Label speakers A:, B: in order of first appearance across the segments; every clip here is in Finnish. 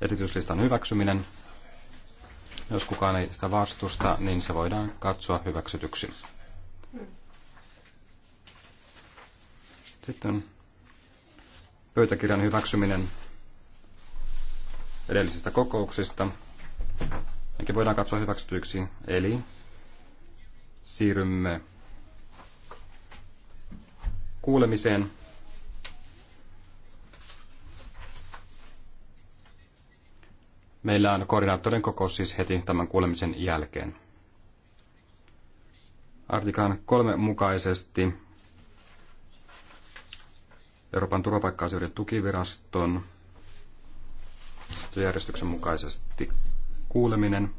A: esityslistan hyväksyminen. Jos kukaan ei sitä vastusta, niin se voidaan katsoa hyväksytyksi. Sitten pöytäkirjan hyväksyminen edellisistä kokouksista. Nekin voidaan katsoa hyväksytyksi, eli siirrymme kuulemiseen. Meillä on koordinaattorin kokous siis heti tämän kuulemisen jälkeen. Artikan kolme mukaisesti Euroopan turvapaikka-asioiden tukiviraston järjestyksen mukaisesti kuuleminen.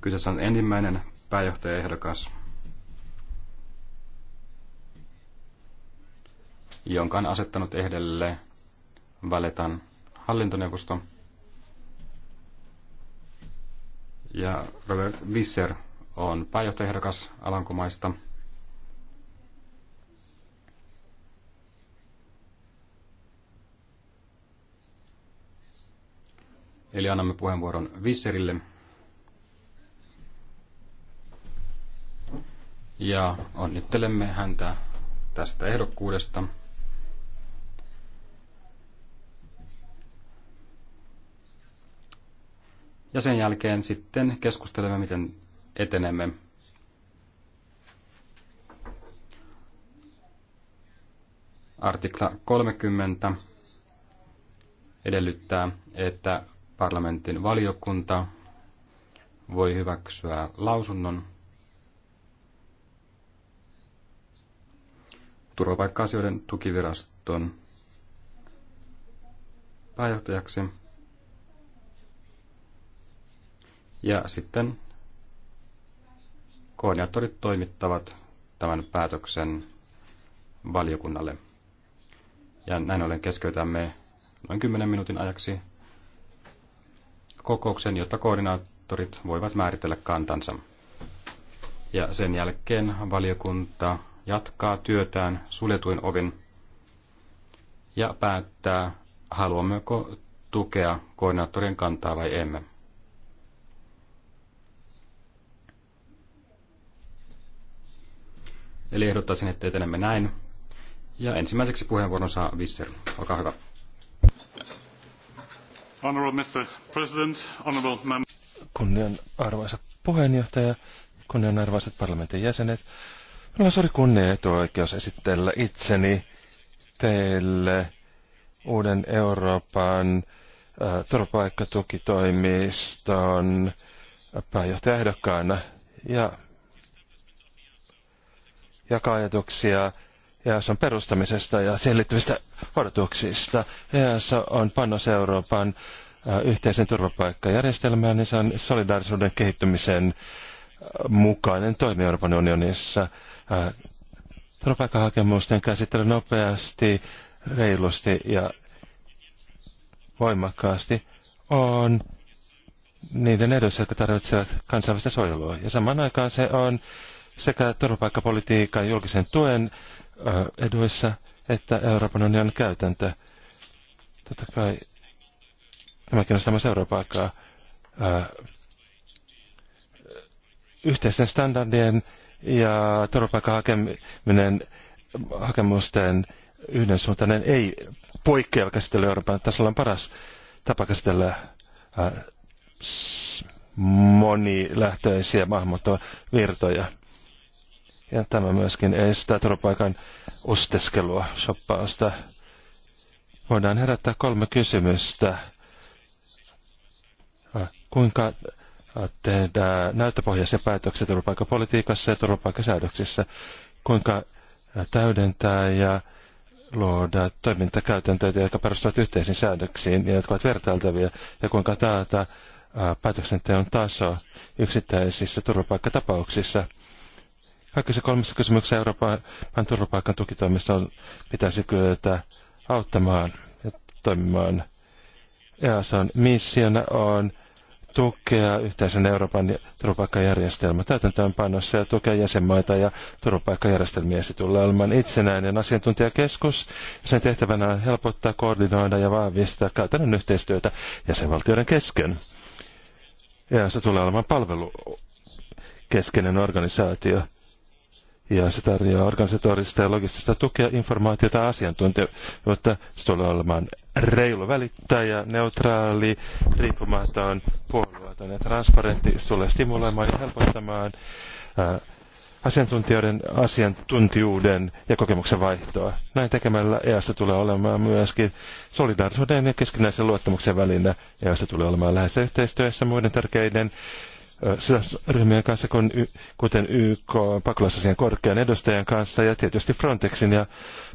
A: Kyseessä on ensimmäinen pääjohtajaehdokas, jonka on asettanut ehdelle valitaan hallintoneuvosto. Ja Robert Visser on pääjohtajaehdokas Alankomaista. Eli annamme puheenvuoron Visserille. Ja onnittelemme häntä tästä ehdokkuudesta. Ja sen jälkeen sitten keskustelemme, miten etenemme. Artikla 30 edellyttää, että parlamentin valiokunta voi hyväksyä lausunnon turvapaikka-asioiden tukiviraston pääjohtajaksi Ja sitten koordinaattorit toimittavat tämän päätöksen valiokunnalle. Ja näin ollen keskeytämme noin 10 minuutin ajaksi kokouksen, jotta koordinaattorit voivat määritellä kantansa. Ja sen jälkeen valiokunta jatkaa työtään suljetuin ovin ja päättää, haluammeko tukea koordinaattorien kantaa vai emme. Eli ehdottaisin, että etenemme näin. Ja ensimmäiseksi puheenvuoron saa Visser. Olkaa hyvä. Honorable Mr. President, honorable member.
B: Kunnianarvoisa puheenjohtaja, kunnianarvoiset parlamentin jäsenet. Minulla on suuri kunnia etuoikeus esitellä itseni teille uuden Euroopan äh, turvapaikkatukitoimiston pääjohtajaehdokkaana. Ja jakaa ajatuksia EASOn perustamisesta ja siihen liittyvistä odotuksista. EAS on panos Euroopan äh, yhteisen turvapaikkajärjestelmään, niin se on solidaarisuuden kehittymisen äh, mukainen toimi Euroopan unionissa. Äh, turvapaikkahakemusten käsittely nopeasti, reilusti ja voimakkaasti on niiden edessä, jotka tarvitsevat kansainvälistä suojelua. Ja samaan aikaan se on sekä turvapaikkapolitiikan julkisen tuen eduissa että Euroopan unionin käytäntö. Totta kai tämäkin on sama Euroopan yhteisten standardien ja turvapaikkahakeminen hakemusten yhdensuuntainen ei poikkea käsitellä Euroopan tasolla on paras tapa käsitellä monilähtöisiä maahanmuuttovirtoja. Ja tämä myöskin estää turvapaikan osteskelua, shoppausta. Voidaan herättää kolme kysymystä. Kuinka tehdä näyttöpohjaisia päätöksiä turvapaikkapolitiikassa ja turvapaikkasäädöksissä, kuinka täydentää ja luoda toimintakäytäntöitä, jotka perustuvat yhteisiin säädöksiin ja jotka ovat vertailtavia, ja kuinka taata päätöksenteon taso yksittäisissä turvapaikkatapauksissa Kaikissa kolmessa kysymyksessä Euroopan turvapaikan tukitoimiston pitäisi kyetä auttamaan ja toimimaan. EASAn missiona on tukea yhteisen Euroopan turvapaikkajärjestelmän täytäntöönpanossa ja tukea jäsenmaita ja turvapaikkajärjestelmiä. Se tulee olemaan itsenäinen asiantuntijakeskus. Sen tehtävänä on helpottaa, koordinoida ja vahvistaa käytännön yhteistyötä jäsenvaltioiden kesken. Ja se tulee olemaan palvelukeskeinen organisaatio ja se tarjoaa organisatorista ja logistista tukea, informaatiota ja asiantuntijoita. Se tulee olemaan reilu välittäjä, neutraali, riippumaton, puolueeton ja transparentti. Se tulee stimuloimaan ja helpottamaan äh, asiantuntijoiden asiantuntijuuden ja kokemuksen vaihtoa. Näin tekemällä EAS tulee olemaan myöskin solidaarisuuden ja keskinäisen luottamuksen välinä. EAS tulee olemaan lähes yhteistyössä muiden tärkeiden ryhmien kanssa, kuten YK pakolaisasian korkean edustajan kanssa ja tietysti Frontexin ja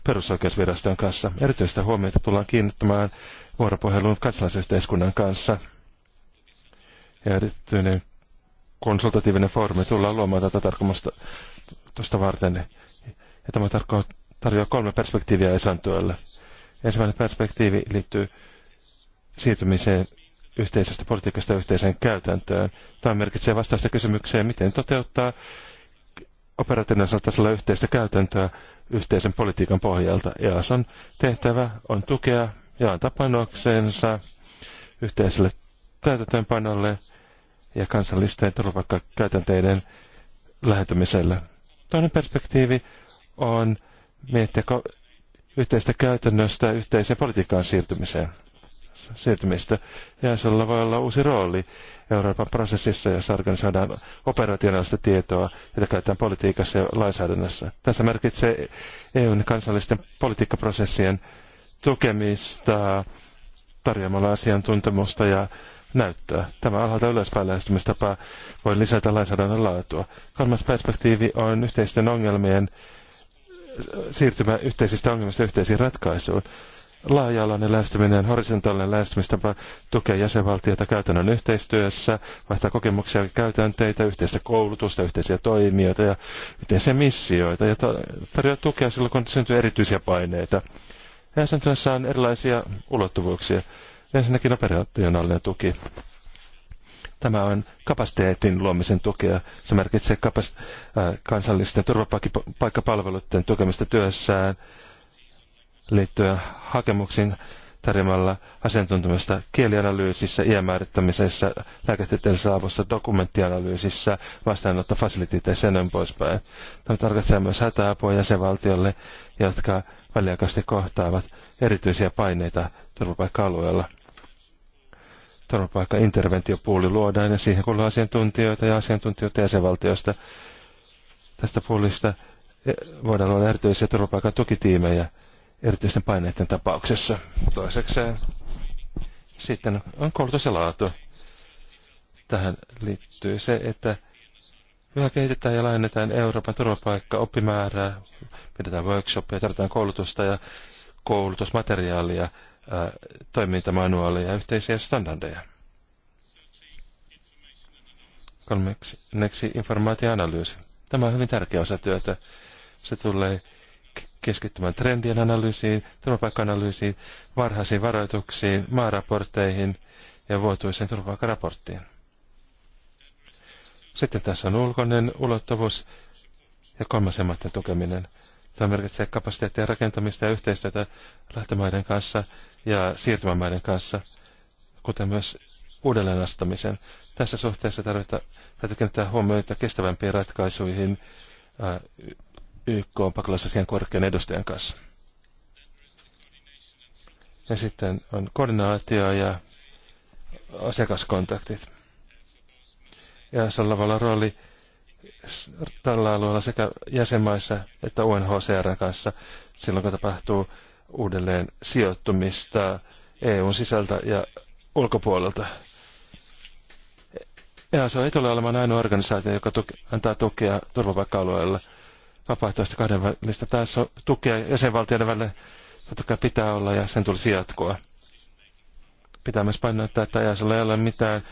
B: perusoikeusviraston kanssa. Erityistä huomiota tullaan kiinnittämään vuoropuheluun kansalaisyhteiskunnan kanssa. Ja erityinen konsultatiivinen foorumi tullaan luomaan tätä tarkoitusta tuosta varten. Ja tämä tarjoaa kolme perspektiiviä esantuelle. Ensimmäinen perspektiivi liittyy siirtymiseen yhteisestä politiikasta yhteiseen käytäntöön. Tämä merkitsee vastausta kysymykseen, miten toteuttaa operatiivisella tasolla yhteistä käytäntöä yhteisen politiikan pohjalta. EASan tehtävä on tukea ja antaa panoksensa yhteiselle täytäntöönpanolle ja kansallisten turvapaikkakäytänteiden lähentämiselle. Toinen perspektiivi on miettiä yhteistä käytännöstä yhteiseen politiikkaan siirtymiseen siirtymistä. EASOlla voi olla uusi rooli Euroopan prosessissa, jossa organisoidaan operationaalista tietoa, jota käytetään politiikassa ja lainsäädännössä. Tässä merkitsee EUn kansallisten politiikkaprosessien tukemista tarjoamalla asiantuntemusta ja näyttöä. Tämä alhaalta ylöspäin lähestymistapa voi lisätä lainsäädännön laatua. Kolmas perspektiivi on yhteisten ongelmien siirtymä yhteisistä ongelmista yhteisiin ratkaisuun laaja-alainen lähestyminen, horisontaalinen lähestymistapa tukee jäsenvaltiota käytännön yhteistyössä, vaihtaa kokemuksia ja käytänteitä, yhteistä koulutusta, yhteisiä toimijoita ja yhteisiä missioita ja tarjoaa tukea silloin, kun syntyy erityisiä paineita. Jäsentyössä on erilaisia ulottuvuuksia. Ensinnäkin operationaalinen tuki. Tämä on kapasiteetin luomisen tukea. Se merkitsee kapas- äh, kansallisten turvapaikkapalveluiden tukemista työssään, liittyen hakemuksiin tarjoamalla asiantuntemusta kielianalyysissä, iän määrittämisessä, lääketieteellisessä avussa, dokumenttianalyysissä, vastaanottofasiliteeteissa ja näin poispäin. Tämä tarkoittaa myös hätäapua jäsenvaltiolle, jotka väliaikaisesti kohtaavat erityisiä paineita turvapaikka-alueella. Turvapaikka-interventiopuuli luodaan ja siihen kuuluu asiantuntijoita ja asiantuntijoita jäsenvaltiosta. Tästä puolista eh, voidaan olla erityisiä turvapaikan tukitiimejä, erityisten paineiden tapauksessa. Toisekseen sitten on koulutus ja laatu. Tähän liittyy se, että yhä kehitetään ja laajennetaan Euroopan turvapaikka oppimäärää, pidetään workshopia, tarvitaan koulutusta ja koulutusmateriaalia, ää, toimintamanuaalia ja yhteisiä standardeja. Kolmeksi informaatioanalyysi. Tämä on hyvin tärkeä osa työtä. Se tulee keskittymään trendien analyysiin, turvapaikka-analyysiin, varhaisiin varoituksiin, maaraportteihin ja vuotuiseen turvapaikkaraporttiin. Sitten tässä on ulkoinen ulottuvuus ja kolmasemmatten tukeminen. Tämä merkitsee kapasiteettien rakentamista ja yhteistyötä lähtömaiden kanssa ja siirtymämaiden kanssa, kuten myös uudelleenastamisen. Tässä suhteessa tarvitaan, täytyy kiinnittää huomioita kestävämpiin ratkaisuihin, äh, YK on pakolaisasian korkean edustajan kanssa. Ja sitten on koordinaatio ja asiakaskontaktit. Ja lavalla rooli tällä alueella sekä jäsenmaissa että UNHCR kanssa silloin, kun tapahtuu uudelleen sijoittumista EUn sisältä ja ulkopuolelta. E- EASO ei tule olemaan ainoa organisaatio, joka tuki, antaa tukea turvapaikka-alueella alueelle vapaaehtoista kahdenvälistä taas tukea jäsenvaltioiden välillä totta kai pitää olla ja sen tulisi jatkoa. Pitää myös painottaa, että ajasella ei ole mitään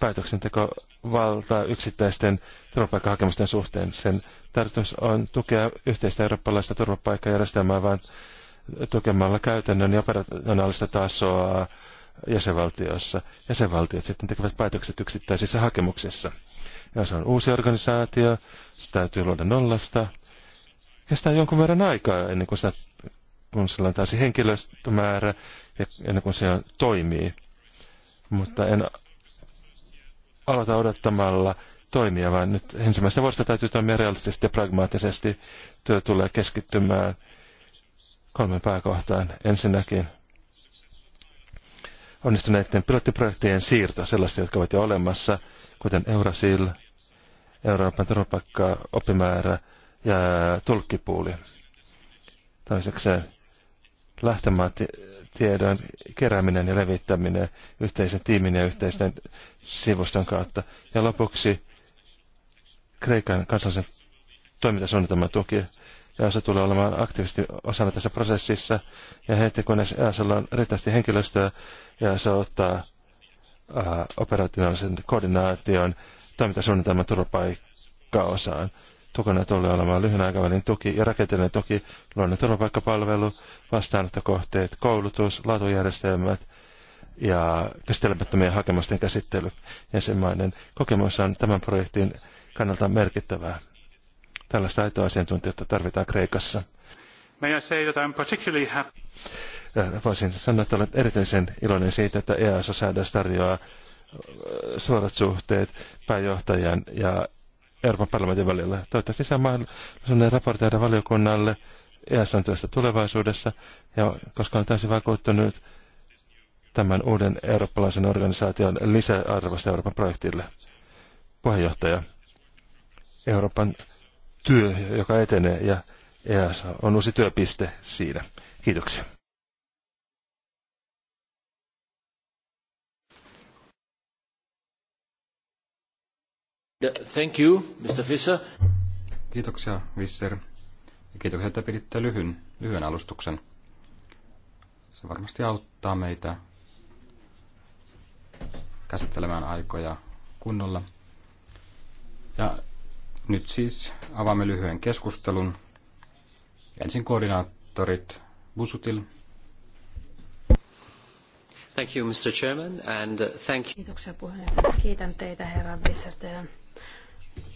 B: päätöksentekovaltaa yksittäisten turvapaikkahakemusten suhteen. Sen tarkoitus on tukea yhteistä eurooppalaista turvapaikkajärjestelmää, vaan tukemalla käytännön ja operationaalista tasoa jäsenvaltiossa Jäsenvaltiot sitten tekevät päätökset yksittäisissä hakemuksissa. Ja se on uusi organisaatio, se täytyy luoda nollasta kestää jonkun verran aikaa ennen kuin, se kun sillä on taas henkilöstömäärä ja ennen kuin se toimii. Mutta en aloita odottamalla toimia, vaan nyt ensimmäistä vuodesta täytyy toimia realistisesti ja pragmaattisesti. Työ tulee keskittymään kolmen pääkohtaan. Ensinnäkin onnistuneiden pilottiprojektien siirto, sellaisia, jotka ovat jo olemassa, kuten Eurasil, Euroopan turvapaikka, oppimäärä – ja tulkkipuuli. Toisekseen tiedon kerääminen ja levittäminen yhteisen tiimin ja yhteisten sivuston kautta. Ja lopuksi Kreikan kansallisen toimintasuunnitelman tuki. Ja se tulee olemaan aktiivisesti osana tässä prosessissa. Ja heti kun EASalla on riittävästi henkilöstöä ja se ottaa operaationaalisen koordinaation toimintasuunnitelman turvapaikkaosaan tukeneet tulee olemaan lyhyen aikavälin tuki ja rakenteellinen tuki, luonnon turvapaikkapalvelu, vastaanottokohteet, koulutus, laatujärjestelmät ja käsittelemättömien hakemusten käsittely. Ensimmäinen kokemus on tämän projektin kannalta merkittävää. Tällaista aitoa asiantuntijoita tarvitaan Kreikassa. May I say that I'm particularly happy? Äh, voisin sanoa, että olen erityisen iloinen siitä, että EASO-säädös tarjoaa äh, suorat suhteet pääjohtajan ja Euroopan parlamentin välillä. Toivottavasti sama mahdollisuuden raportoida valiokunnalle ESN työstä tulevaisuudessa, ja koska on täysin vakuuttunut tämän uuden eurooppalaisen organisaation lisäarvosta Euroopan projektille. Puheenjohtaja, Euroopan työ, joka etenee, ja EAS on uusi työpiste siinä. Kiitoksia.
A: Thank you, Mr. Fischer. Kiitoksia, Visser. Ja kiitoksia, että piditte lyhyen, lyhyen alustuksen. Se varmasti auttaa meitä käsittelemään aikoja kunnolla. Ja nyt siis avaamme lyhyen keskustelun. Ensin koordinaattorit Busutil. Thank you, Mr. Chairman, and uh, thank you.
C: Kiitoksia puheenjohtaja. Kiitän teitä, herra Visser, teidän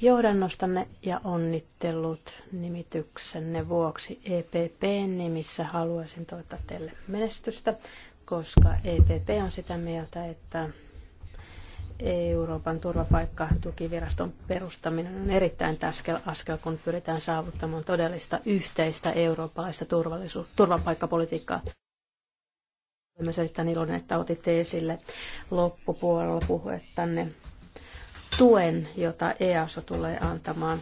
C: johdannostanne ja onnittelut nimityksenne vuoksi EPP-nimissä haluaisin toivottaa teille menestystä, koska EPP on sitä mieltä, että Euroopan turvapaikkatukiviraston perustaminen on erittäin täskel askel, kun pyritään saavuttamaan todellista yhteistä eurooppalaista turvallisuus- turvapaikkapolitiikkaa. Olen myös erittäin iloinen, että otitte esille loppupuolella puhettanne tuen, jota EASO tulee antamaan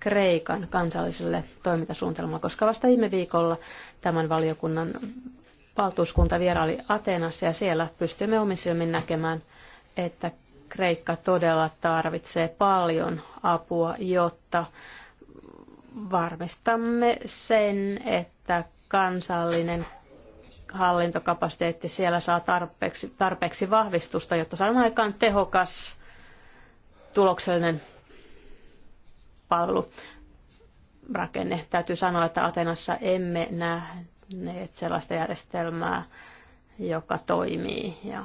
C: Kreikan kansalliselle toimintasuunnitelmalle, koska vasta viime viikolla tämän valiokunnan valtuuskunta vieraili Atenassa ja siellä pystymme omin silmin näkemään, että Kreikka todella tarvitsee paljon apua, jotta varmistamme sen, että kansallinen hallintokapasiteetti siellä saa tarpeeksi, tarpeeksi vahvistusta, jotta saadaan aikaan tehokas tuloksellinen palvelurakenne. Täytyy sanoa, että Atenassa emme nähneet sellaista järjestelmää, joka toimii ja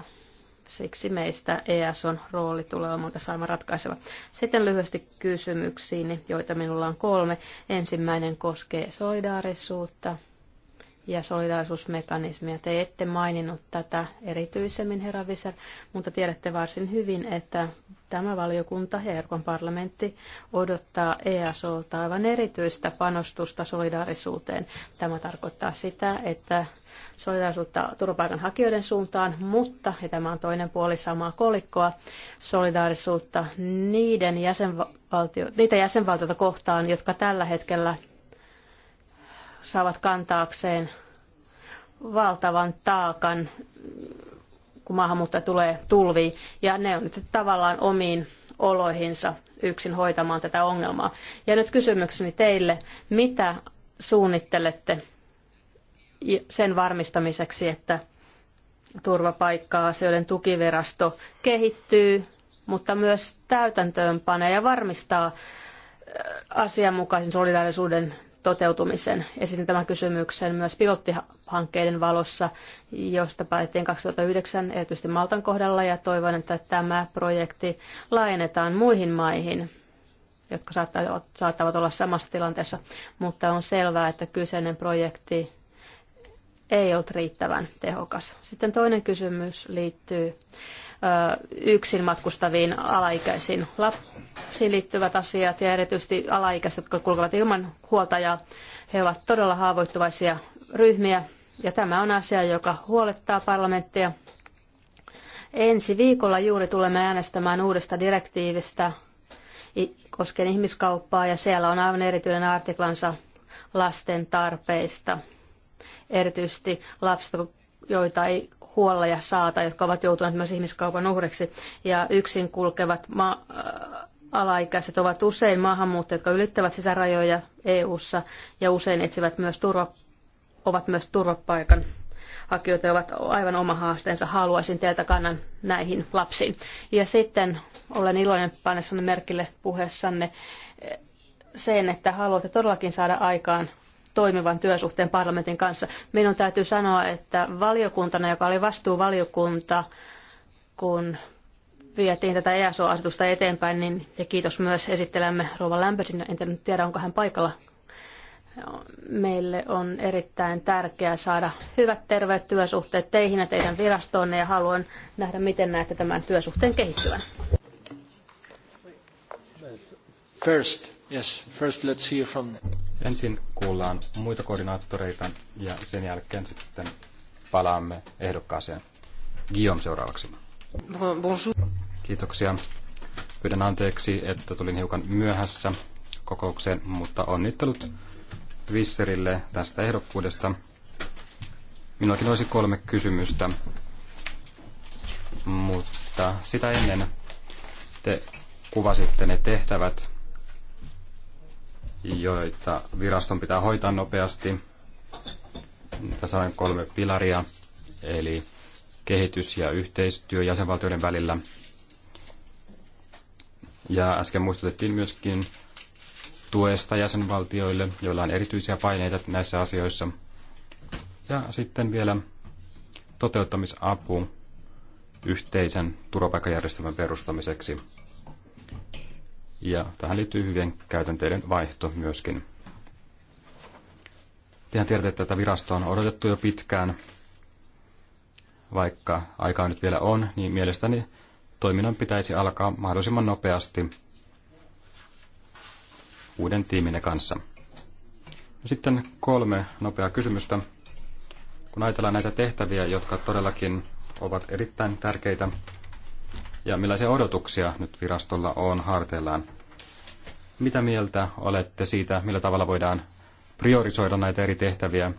C: siksi meistä ESOn rooli tulee olemaan tässä aivan ratkaiseva. Sitten lyhyesti kysymyksiin, joita minulla on kolme. Ensimmäinen koskee solidaarisuutta ja solidaarisuusmekanismia. Te ette maininnut tätä erityisemmin, herra Viser, mutta tiedätte varsin hyvin, että tämä valiokunta ja Euroopan parlamentti odottaa EASolta aivan erityistä panostusta solidaarisuuteen. Tämä tarkoittaa sitä, että solidaarisuutta turvapaikanhakijoiden suuntaan, mutta, ja tämä on toinen puoli samaa kolikkoa, solidaarisuutta niiden jäsenvaltio, niitä jäsenvaltioita kohtaan, jotka tällä hetkellä saavat kantaakseen valtavan taakan, kun maahanmuuttaja tulee tulviin, ja ne on nyt tavallaan omiin oloihinsa yksin hoitamaan tätä ongelmaa. Ja nyt kysymykseni teille, mitä suunnittelette sen varmistamiseksi, että turvapaikkaa asioiden tukivirasto kehittyy, mutta myös täytäntöönpanee ja varmistaa äh, asianmukaisen solidaarisuuden toteutumisen. Esitin tämän kysymyksen myös pilottihankkeiden valossa, josta päätettiin 2009 erityisesti Maltan kohdalla ja toivon, että tämä projekti laajennetaan muihin maihin jotka saattavat, olla samassa tilanteessa, mutta on selvää, että kyseinen projekti ei ollut riittävän tehokas. Sitten toinen kysymys liittyy yksin matkustaviin alaikäisiin lapsiin liittyvät asiat ja erityisesti alaikäiset, jotka kulkevat ilman huoltajaa. He ovat todella haavoittuvaisia ryhmiä ja tämä on asia, joka huolettaa parlamenttia. Ensi viikolla juuri tulemme äänestämään uudesta direktiivistä koskien ihmiskauppaa ja siellä on aivan erityinen artiklansa lasten tarpeista. Erityisesti lapset, joita ei huolella ja saata, jotka ovat joutuneet myös ihmiskaupan uhreiksi. Ja yksin kulkevat ma- äh, alaikäiset ovat usein maahanmuuttajia, jotka ylittävät sisärajoja EU-ssa ja usein etsivät myös turva- ovat myös turvapaikan hakijoita ovat aivan oma haasteensa. Haluaisin teiltä kannan näihin lapsiin. Ja sitten olen iloinen panessanne merkille puheessanne eh, sen, että haluatte todellakin saada aikaan toimivan työsuhteen parlamentin kanssa. Minun täytyy sanoa, että valiokuntana, joka oli vastuuvaliokunta, kun vietiin tätä ESO-asetusta eteenpäin, niin, ja kiitos myös esittelemme Rova Lämpösin, en nyt tiedä onko hän paikalla. Meille on erittäin tärkeää saada hyvät terveet työsuhteet teihin ja teidän virastoonne ja haluan nähdä, miten näette tämän työsuhteen kehittyvän.
A: First, yes, first let's hear from... Ensin kuullaan muita koordinaattoreita ja sen jälkeen sitten palaamme ehdokkaaseen. Guillaume seuraavaksi. Bonjour. Kiitoksia. Pyydän anteeksi, että tulin hiukan myöhässä kokoukseen, mutta onnittelut Visserille tästä ehdokkuudesta. Minullakin olisi kolme kysymystä, mutta sitä ennen te kuvasitte ne tehtävät, joita viraston pitää hoitaa nopeasti. Tässä on kolme pilaria, eli kehitys ja yhteistyö jäsenvaltioiden välillä. Ja äsken muistutettiin myöskin tuesta jäsenvaltioille, joilla on erityisiä paineita näissä asioissa. Ja sitten vielä toteuttamisapu yhteisen turvapaikkajärjestelmän perustamiseksi. Ja tähän liittyy hyvien käytänteiden vaihto myöskin. Tehän tiedätte, että tätä virastoa on odotettu jo pitkään. Vaikka aikaa nyt vielä on, niin mielestäni toiminnan pitäisi alkaa mahdollisimman nopeasti uuden tiiminne kanssa. No sitten kolme nopeaa kysymystä. Kun ajatellaan näitä tehtäviä, jotka todellakin ovat erittäin tärkeitä, ja millaisia odotuksia nyt virastolla on harteillaan. Mitä mieltä olette siitä, millä tavalla voidaan priorisoida näitä eri tehtäviä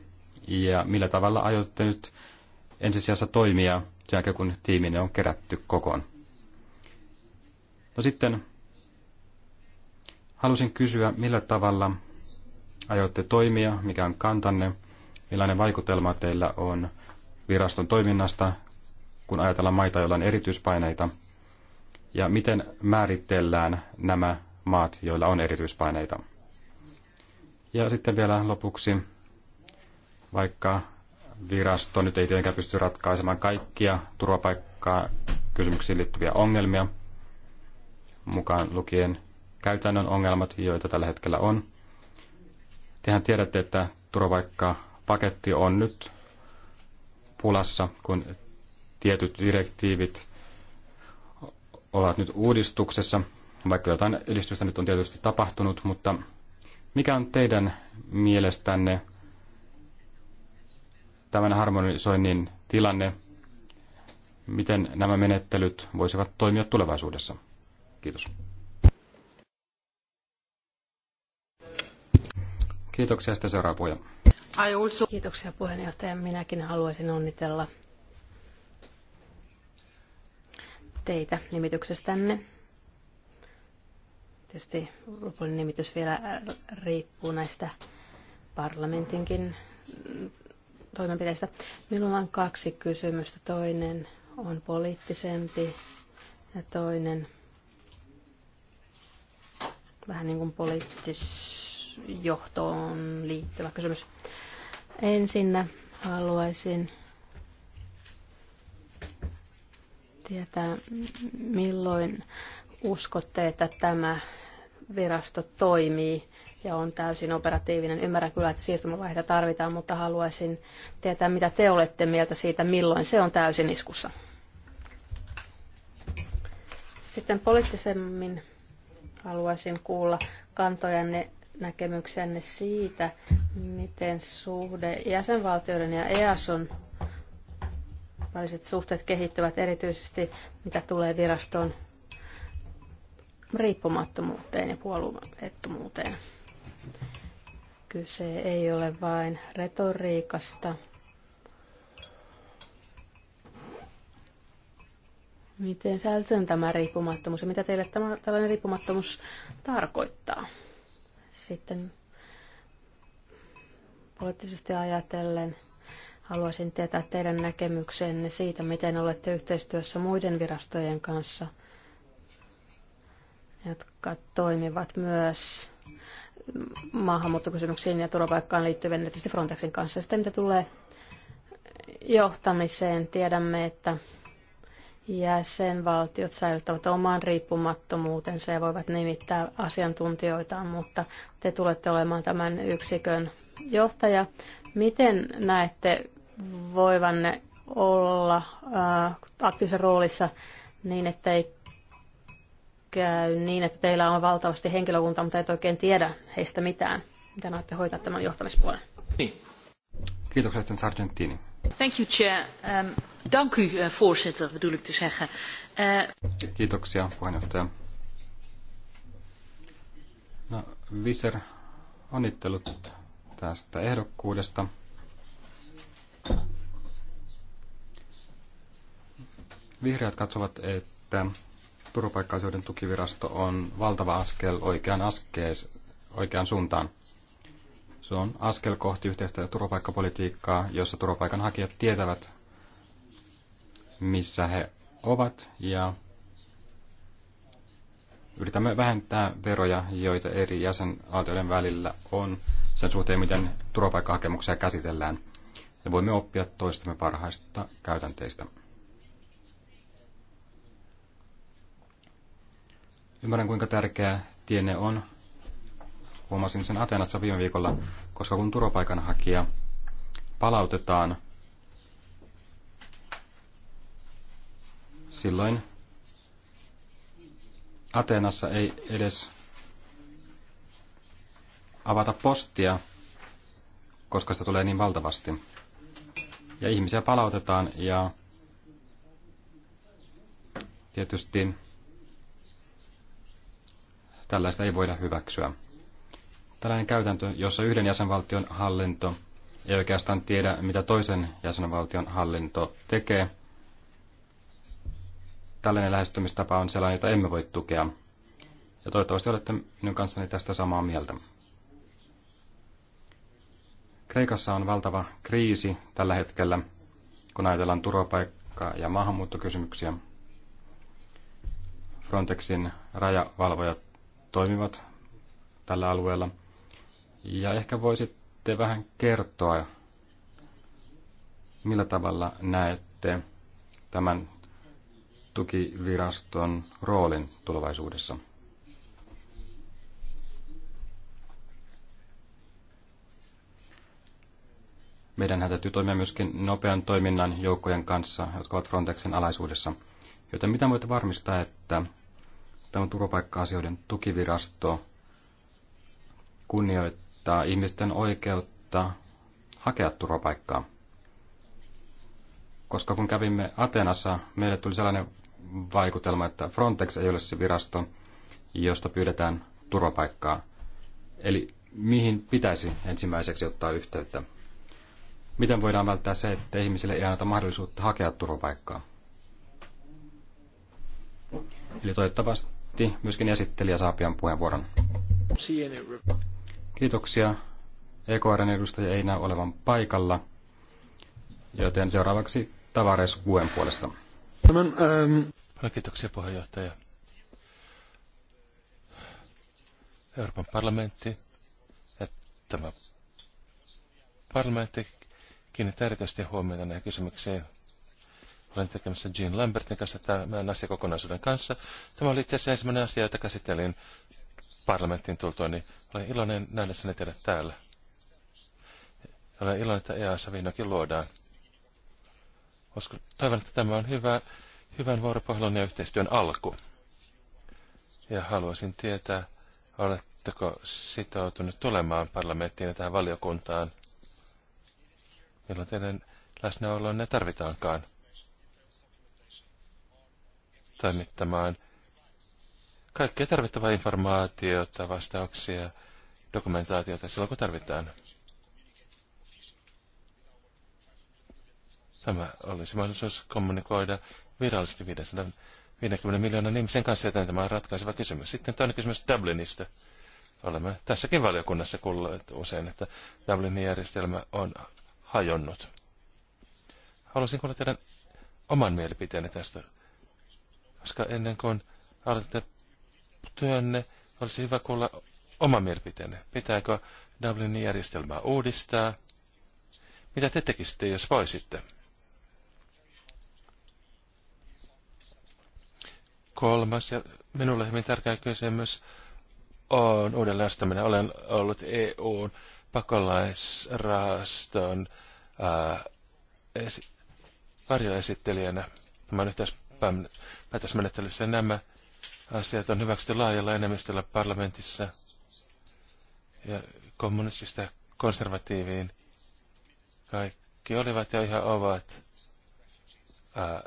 A: ja millä tavalla aiotte nyt ensisijassa toimia sen jälkeen, kun tiiminen on kerätty kokoon? No sitten halusin kysyä, millä tavalla aiotte toimia, mikä on kantanne, millainen vaikutelma teillä on viraston toiminnasta, kun ajatellaan maita, joilla on erityispaineita – ja miten määritellään nämä maat, joilla on erityispaineita. Ja sitten vielä lopuksi, vaikka virasto nyt ei tietenkään pysty ratkaisemaan kaikkia turvapaikkaa kysymyksiin liittyviä ongelmia, mukaan lukien käytännön ongelmat, joita tällä hetkellä on. Tehän tiedätte, että turvapaikkapaketti on nyt pulassa, kun tietyt direktiivit ovat nyt uudistuksessa, vaikka jotain edistystä nyt on tietysti tapahtunut, mutta mikä on teidän mielestänne tämän harmonisoinnin tilanne? Miten nämä menettelyt voisivat toimia tulevaisuudessa? Kiitos. Kiitoksia. Sitten seuraava
C: Kiitoksia puheenjohtaja. Minäkin haluaisin onnitella teitä nimityksestänne. Tietysti lopullinen nimitys vielä äh, riippuu näistä parlamentinkin mm, toimenpiteistä. Minulla on kaksi kysymystä. Toinen on poliittisempi ja toinen vähän niin kuin poliittisjohtoon liittyvä kysymys. Ensinnä haluaisin tietää, milloin uskotte, että tämä virasto toimii ja on täysin operatiivinen. Ymmärrän kyllä, että siirtymävaiheita tarvitaan, mutta haluaisin tietää, mitä te olette mieltä siitä, milloin se on täysin iskussa. Sitten poliittisemmin haluaisin kuulla kantojanne näkemyksenne siitä, miten suhde jäsenvaltioiden ja EASon väliset suhteet kehittyvät erityisesti, mitä tulee viraston riippumattomuuteen ja puolueettomuuteen. Kyse ei ole vain retoriikasta. Miten säältön tämä riippumattomuus ja mitä teille tämä, tällainen riippumattomuus tarkoittaa? Sitten poliittisesti ajatellen Haluaisin tietää teidän näkemyksenne siitä, miten olette yhteistyössä muiden virastojen kanssa, jotka toimivat myös maahanmuuttokysymyksiin ja turvapaikkaan liittyvien erityisesti Frontexin kanssa. Sitten mitä tulee johtamiseen, tiedämme, että jäsenvaltiot säilyttävät oman riippumattomuutensa ja voivat nimittää asiantuntijoitaan, mutta te tulette olemaan tämän yksikön johtaja. Miten näette voivanne olla äh, aktiivisessa roolissa niin, että ei käy niin, että teillä on valtavasti henkilökunta, mutta et oikein tiedä heistä mitään. Mitä näette hoitaa tämän johtamispuolen?
A: Niin. Kiitoksia, sitten Sargentini.
C: Thank you, Chair. Um, dank u, uh, voorzitter, bedoel ik te zeggen. Uh...
A: Kiitoksia, puheenjohtaja. No, Viser, onnittelut tästä ehdokkuudesta. Vihreät katsovat, että turvapaikkaisuuden tukivirasto on valtava askel oikeaan, askees, oikean suuntaan. Se on askel kohti yhteistä turvapaikkapolitiikkaa, jossa turvapaikanhakijat tietävät, missä he ovat ja yritämme vähentää veroja, joita eri jäsenvaltioiden välillä on sen suhteen, miten turvapaikkahakemuksia käsitellään ja voimme oppia toistamme parhaista käytänteistä. Ymmärrän, kuinka tärkeä tienne on. Huomasin sen Atenassa viime viikolla, koska kun turvapaikanhakija palautetaan, silloin Atenassa ei edes avata postia, koska sitä tulee niin valtavasti ja ihmisiä palautetaan ja tietysti tällaista ei voida hyväksyä. Tällainen käytäntö, jossa yhden jäsenvaltion hallinto ei oikeastaan tiedä, mitä toisen jäsenvaltion hallinto tekee, tällainen lähestymistapa on sellainen, jota emme voi tukea. Ja toivottavasti olette minun kanssani tästä samaa mieltä. Kreikassa on valtava kriisi tällä hetkellä, kun ajatellaan turvapaikkaa ja maahanmuuttokysymyksiä. Frontexin rajavalvojat toimivat tällä alueella. Ja ehkä voisitte vähän kertoa, millä tavalla näette tämän tukiviraston roolin tulevaisuudessa. meidän täytyy toimia myöskin nopean toiminnan joukkojen kanssa, jotka ovat Frontexin alaisuudessa. Joten mitä voit varmistaa, että tämä turvapaikka-asioiden tukivirasto kunnioittaa ihmisten oikeutta hakea turvapaikkaa? Koska kun kävimme Atenassa, meille tuli sellainen vaikutelma, että Frontex ei ole se virasto, josta pyydetään turvapaikkaa. Eli mihin pitäisi ensimmäiseksi ottaa yhteyttä? Miten voidaan välttää se, että ihmisille ei anneta mahdollisuutta hakea turvapaikkaa? Eli toivottavasti myöskin esittelijä saa pian puheenvuoron. Kiitoksia. EKRn edustaja ei näy olevan paikalla, joten seuraavaksi Tavares Guen puolesta.
B: Tämän, ähm... Kiitoksia puheenjohtaja. Euroopan parlamentti ja tämä parlamentti kiinnittää erityisesti huomiota näihin kysymyksiin. Olen tekemässä Jean Lambertin kanssa tämän asiakokonaisuuden kanssa. Tämä oli itse asiassa ensimmäinen asia, jota käsittelin parlamenttiin tultua, niin olen iloinen nähdessäni teidät täällä. Olen iloinen, että EASA vihdoinkin luodaan. Uskon, toivon, että tämä on hyvä, hyvän vuoropuhelun ja yhteistyön alku. Ja haluaisin tietää, oletteko sitoutunut tulemaan parlamenttiin ja tähän valiokuntaan – jolloin teidän läsnäolonne tarvitaankaan toimittamaan kaikkea tarvittavaa informaatiota, vastauksia, dokumentaatiota silloin kun tarvitaan. Tämä olisi mahdollisuus kommunikoida virallisesti 550 miljoonan ihmisen kanssa, joten tämä on ratkaiseva kysymys. Sitten toinen kysymys Dublinista. Olemme tässäkin valiokunnassa kuulleet usein, että Dublinin järjestelmä on hajonnut. Haluaisin kuulla teidän oman mielipiteenne tästä, koska ennen kuin aloitte työnne, olisi hyvä kuulla oma mielipiteenne. Pitääkö Dublinin järjestelmää uudistaa? Mitä te tekisitte, jos voisitte? Kolmas ja minulle hyvin tärkeä kysymys on uuden lähteminen. Olen ollut EUn pakolaisrahaston ää, esi- varjoesittelijänä tässä yhteispäätösmenettelyssä. Nämä asiat on hyväksytty laajalla enemmistöllä parlamentissa ja kommunistista konservatiiviin. Kaikki olivat ja ihan ovat ää,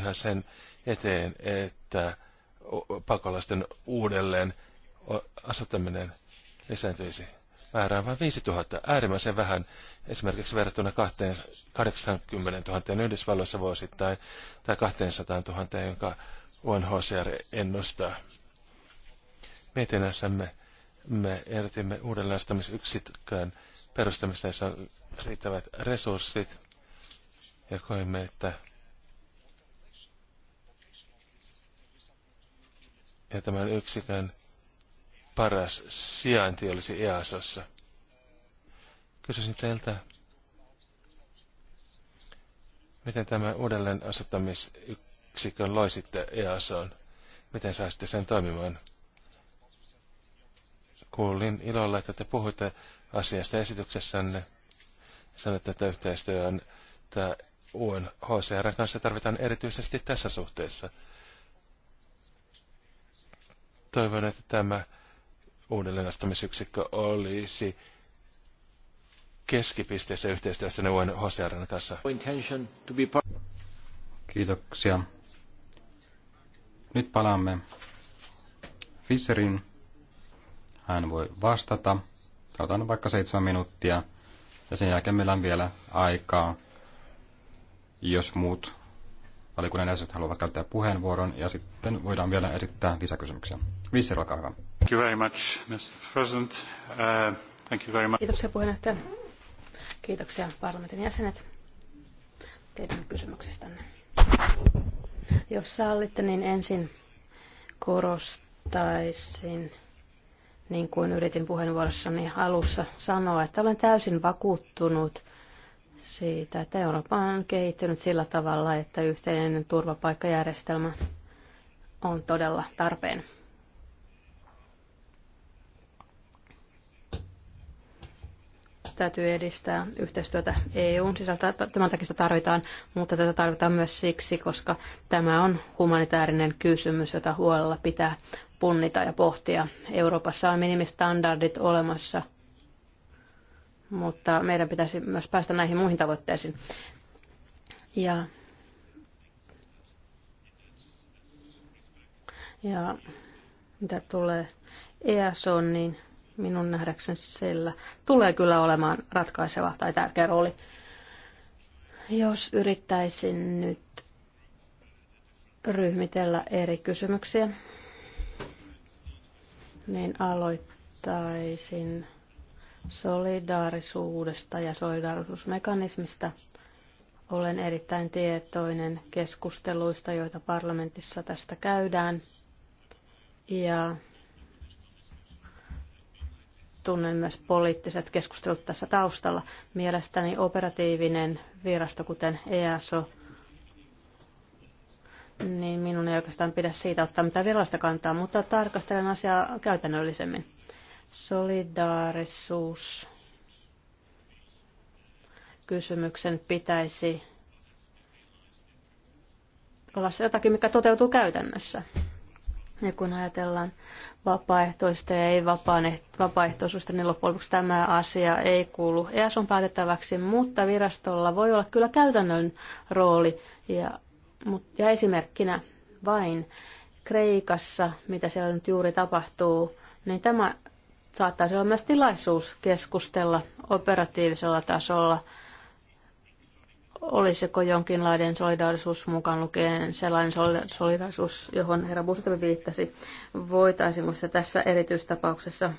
B: ihan sen eteen, että pakolaisten uudelleen asuttaminen lisääntyisi määrä vain 5000, äärimmäisen vähän, esimerkiksi verrattuna 80 000 Yhdysvalloissa vuosittain tai 200 000, jonka UNHCR ennustaa. Mietinnässämme me ehdotimme uudelleenistamisyksikön perustamista, jossa on riittävät resurssit, ja koimme, että ja tämän yksikön paras sijainti olisi EASassa. Kysyisin teiltä, miten tämä uudelleen asettamisyksikön loisitte EASOon? Miten saisitte sen toimimaan? Kuulin ilolla, että te puhuitte asiasta esityksessänne. Sanoitte, että yhteistyö on tämä UNHCR kanssa tarvitaan erityisesti tässä suhteessa. Toivon, että tämä uudelleenastamisyksikkö olisi keskipisteessä yhteistyössä neuvon
A: HCRn kanssa. Kiitoksia. Nyt palaamme Fisserin. Hän voi vastata. Otan vaikka seitsemän minuuttia. Ja sen jälkeen meillä on vielä aikaa, jos muut valikunnan jäsenet haluavat käyttää puheenvuoron. Ja sitten voidaan vielä esittää lisäkysymyksiä. Visser, olkaa hyvä. Thank you very much, Mr. President. Uh, thank you very much. Kiitoksia
C: puheenjohtaja. Kiitoksia parlamentin jäsenet teidän kysymyksistänne. Jos sallitte, niin ensin korostaisin, niin kuin yritin puheenvuorossani alussa sanoa, että olen täysin vakuuttunut siitä, että Eurooppa on kehittynyt sillä tavalla, että yhteinen turvapaikkajärjestelmä on todella tarpeen. Täytyy edistää yhteistyötä EUn sisältä. Tämän takia sitä tarvitaan, mutta tätä tarvitaan myös siksi, koska tämä on humanitaarinen kysymys, jota huolella pitää punnita ja pohtia. Euroopassa on minimistandardit olemassa, mutta meidän pitäisi myös päästä näihin muihin tavoitteisiin. Ja, ja mitä tulee EASOon, niin minun nähdäkseni sillä tulee kyllä olemaan ratkaiseva tai tärkeä rooli. Jos yrittäisin nyt ryhmitellä eri kysymyksiä, niin aloittaisin solidaarisuudesta ja solidaarisuusmekanismista. Olen erittäin tietoinen keskusteluista, joita parlamentissa tästä käydään. Ja tunnen myös poliittiset keskustelut tässä taustalla. Mielestäni operatiivinen virasto, kuten EASO, niin minun ei oikeastaan pidä siitä ottaa mitään virallista kantaa, mutta tarkastelen asiaa käytännöllisemmin. Solidaarisuus kysymyksen pitäisi olla se jotakin, mikä toteutuu käytännössä. Ja kun ajatellaan vapaaehtoista ja ei vapaaehtoisuutta, niin loppujen lopuksi tämä asia ei kuulu EASOn päätettäväksi, mutta virastolla voi olla kyllä käytännön rooli. Ja, ja esimerkkinä vain Kreikassa, mitä siellä nyt juuri tapahtuu, niin tämä saattaisi olla myös tilaisuus keskustella operatiivisella tasolla – olisiko jonkinlainen solidaarisuus mukaan lukien sellainen solidaarisuus, johon herra Busutemi viittasi, voitaisiinko se tässä erityistapauksessa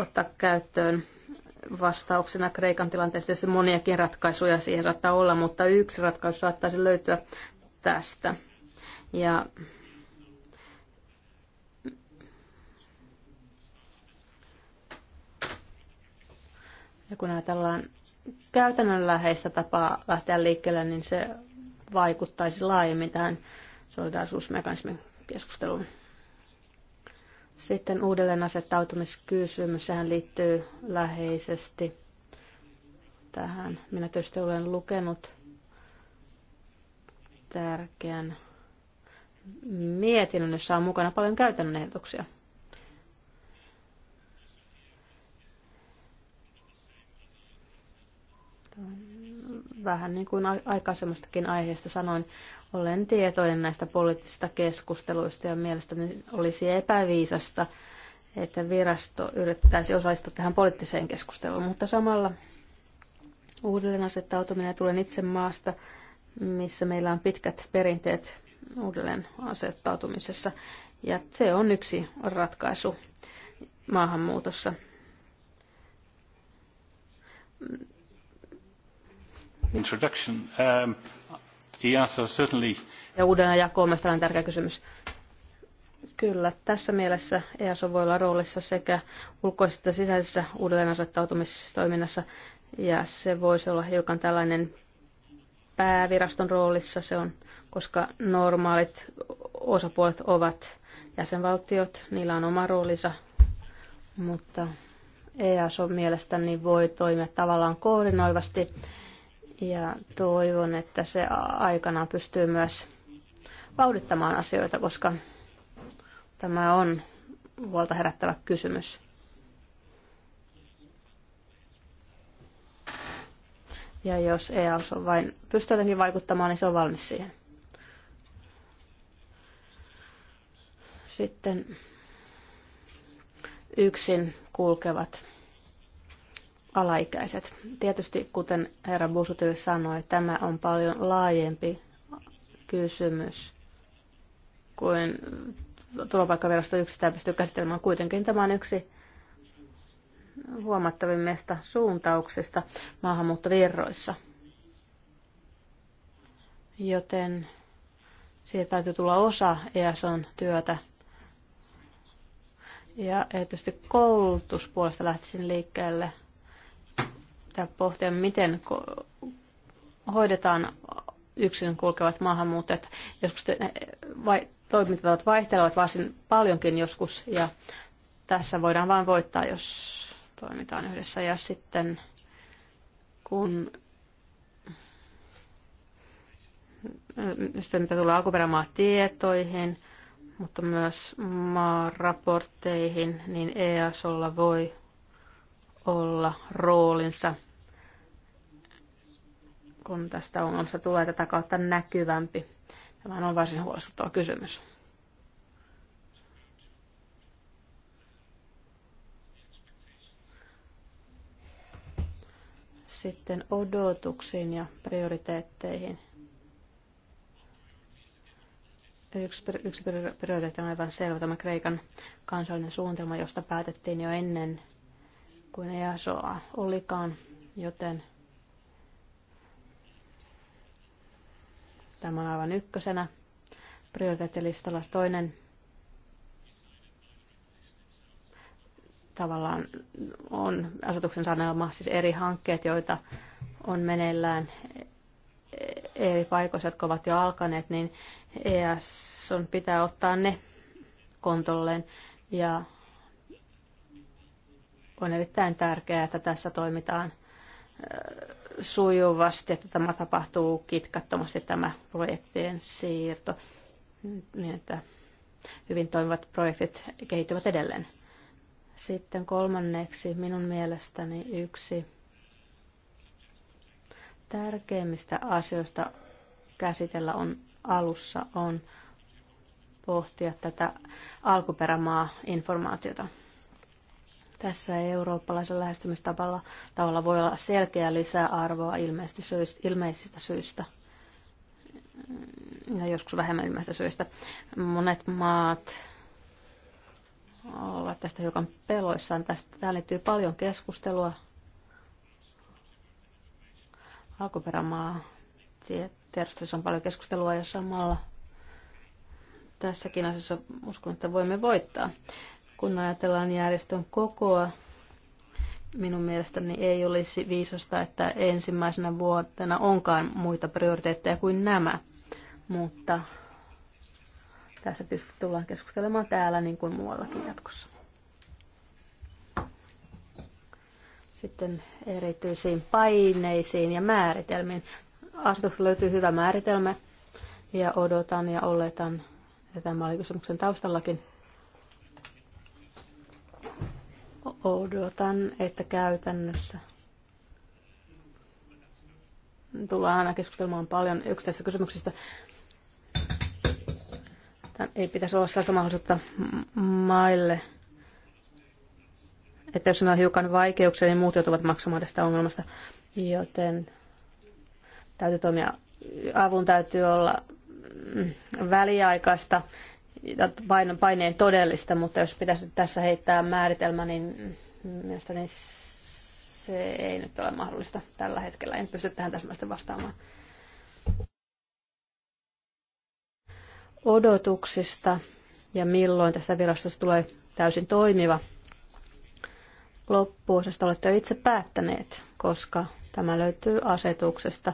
C: ottaa käyttöön vastauksena Kreikan tilanteesta. jossa moniakin ratkaisuja siihen saattaa olla, mutta yksi ratkaisu saattaisi löytyä tästä. Ja Ja kun ajatellaan käytännönläheistä tapaa lähteä liikkeelle, niin se vaikuttaisi laajemmin tähän solidaarisuusmekanismin keskusteluun. Sitten uudelleen asettautumiskysymys, sehän liittyy läheisesti tähän. Minä tietysti olen lukenut tärkeän mietinnön, jossa on mukana paljon käytännön ehdotuksia – Vähän niin kuin aikaisemmastakin aiheesta sanoin, olen tietoinen näistä poliittisista keskusteluista ja mielestäni olisi epäviisasta, että virasto yrittäisi osallistua tähän poliittiseen keskusteluun, mutta samalla uudelleen asettautuminen tulee itse maasta, missä meillä on pitkät perinteet uudelleen asettautumisessa. Ja se on yksi ratkaisu maahanmuutossa
A: introduction. Um, certainly...
C: Ja uuden ja kolmas tällainen tärkeä kysymys. Kyllä, tässä mielessä EASO voi olla roolissa sekä ulkoisessa että sisäisessä uudelleenasettautumistoiminnassa, ja se voisi olla hiukan tällainen pääviraston roolissa, se on, koska normaalit osapuolet ovat jäsenvaltiot, niillä on oma roolinsa, mutta EASO mielestäni voi toimia tavallaan koordinoivasti ja toivon, että se aikana pystyy myös vauhdittamaan asioita, koska tämä on huolta herättävä kysymys. Ja jos EAS on vain pystytäänkin vaikuttamaan, niin se on valmis siihen. Sitten yksin kulkevat alaikäiset. Tietysti, kuten herra Busutil sanoi, tämä on paljon laajempi kysymys kuin turvapaikkavirasto yksistään pystyy käsittelemään. Kuitenkin tämä on yksi huomattavimmista suuntauksista maahanmuuttovirroissa. Joten siitä täytyy tulla osa EASOn työtä. Ja tietysti koulutuspuolesta lähtisin liikkeelle – pitää pohtia, miten hoidetaan yksin kulkevat maahanmuuttajat. Joskus vai, toimintatavat vaihtelevat varsin paljonkin joskus ja tässä voidaan vain voittaa, jos toimitaan yhdessä. Ja sitten kun sitten mitä tulee tietoihin, mutta myös maaraportteihin, niin EASolla voi olla roolinsa – kun tästä ongelmasta tulee tätä kautta näkyvämpi. Tämä on varsin huolestuttava kysymys. Sitten odotuksiin ja prioriteetteihin. Yksi, yksi prioriteetti on aivan selvä tämä Kreikan kansallinen suunnitelma, josta päätettiin jo ennen kuin EASOa olikaan, joten – Tämä on aivan ykkösenä prioriteettilistalla. Toinen tavallaan on asetuksen sanelma, siis eri hankkeet, joita on meneillään eri paikoissa, jotka ovat jo alkaneet, niin EAS on pitää ottaa ne kontolleen. Ja on erittäin tärkeää, että tässä toimitaan sujuvasti, että tämä tapahtuu kitkattomasti tämä projektien siirto, niin että hyvin toimivat projektit kehittyvät edelleen. Sitten kolmanneksi minun mielestäni yksi tärkeimmistä asioista käsitellä on alussa on pohtia tätä alkuperämaa informaatiota tässä eurooppalaisella lähestymistavalla tavalla voi olla selkeä lisäarvoa ilmeisesti syistä, ilmeisistä syistä ja joskus vähemmän ilmeisistä syistä. Monet maat ovat tästä hiukan peloissaan. Tästä, tähän liittyy paljon keskustelua. Alkuperämaa tietysti on paljon keskustelua ja samalla tässäkin asiassa uskon, että voimme voittaa. Kun ajatellaan järjestön kokoa, minun mielestäni ei olisi viisasta, että ensimmäisenä vuotena onkaan muita prioriteetteja kuin nämä. Mutta tässä tietysti tullaan keskustelemaan täällä niin kuin muuallakin jatkossa. Sitten erityisiin paineisiin ja määritelmiin. Asetuksessa löytyy hyvä määritelmä ja odotan ja oletan, ja tämä oli kysymyksen taustallakin, Odotan, että käytännössä tullaan aina keskustelemaan paljon yksittäisistä kysymyksistä. Tämän ei pitäisi olla sellaista mahdollisuutta maille, että jos on hiukan vaikeuksia, niin muut joutuvat maksamaan tästä ongelmasta. Joten täytyy toimia, avun täytyy olla mm, väliaikaista paineen todellista, mutta jos pitäisi tässä heittää määritelmä, niin mielestäni se ei nyt ole mahdollista tällä hetkellä. En pysty tähän täsmästä vastaamaan. Odotuksista ja milloin tästä virastosta tulee täysin toimiva. Loppuosasta olette jo itse päättäneet, koska tämä löytyy asetuksesta.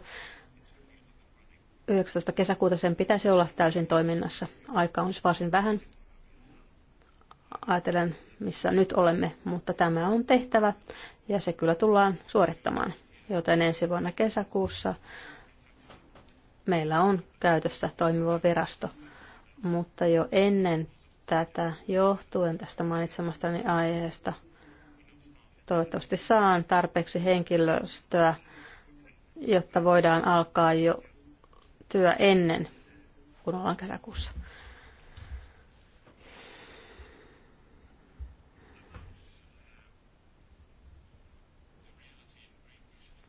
C: 19. kesäkuuta sen pitäisi olla täysin toiminnassa. Aika on siis varsin vähän. Ajatellen, missä nyt olemme, mutta tämä on tehtävä ja se kyllä tullaan suorittamaan. Joten ensi vuonna kesäkuussa meillä on käytössä toimiva virasto, mutta jo ennen tätä johtuen tästä mainitsemastani aiheesta toivottavasti saan tarpeeksi henkilöstöä, jotta voidaan alkaa jo työ ennen, kun ollaan kesäkuussa.